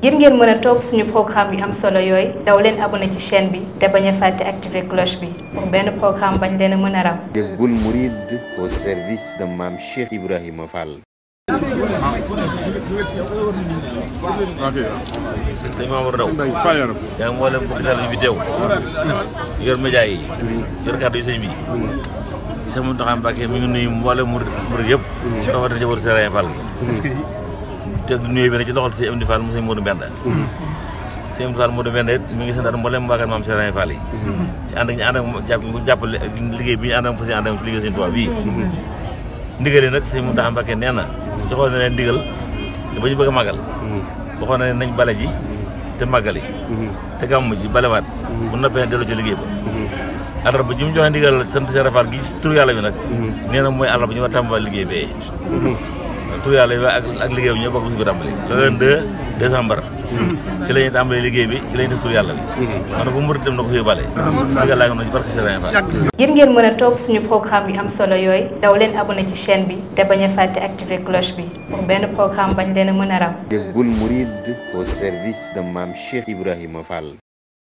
ngir ngeen mën a suñu programme yu am solo yooyu daw leen abonné ci chaîne bi te bañ a fàtte activer cloche bi pour benn programme bañ leen a mën a raw. Jazboul Mouride au service de Mame Cheikh Ibrahima Fall. sëñ Mamour Ndaw yaa ngi mboolem yor yi yor bi mi ngi nuyu murid murid yëpp ci rawatina Fall teg nuyoo bi nag ci loxol si Amdi mu sëñ Modou Mbenda si Amdi Fall Modou Mbenda it mi ngi santaat mboolem waakat maam Serigne Fall yi ci ànd ak ñu ànd bi ñu ànd ak fas yéene ànd ak ci liggéey sëñ Tuubaa bii ndigal yi na na leen ndigal te ba ñu bëgg a màggal waxoon na leen nañ bale ji te màggali te gàmm ji balewaat bu noppee dellu ci liggéey ba àllarba ji mu joxe ndigal sant Serigne Fall gi tur yàlla bi nag nee na mooy bu ñu war tàmbali liggéey bee tur yàlla yi ak ak liggéey bi ñoo bokk bu ñu ko tàmbali le 2 décembre hmm. ci la ñuy liggéey bi ci la ñuy def tur yàlla bi man hmm. bu murit dem na ko yóbbaale diga laa ngi ci barke Serigne Fall ngir ngeen mën a topp suñu programme yu am solo yooy daw leen abonné ci chaîne bi te bañ a fàtte activer cloche bi pour benn programme bañ leen a mën a ram Jazboul Mouride au service de Mame Cheikh Ibrahima Fall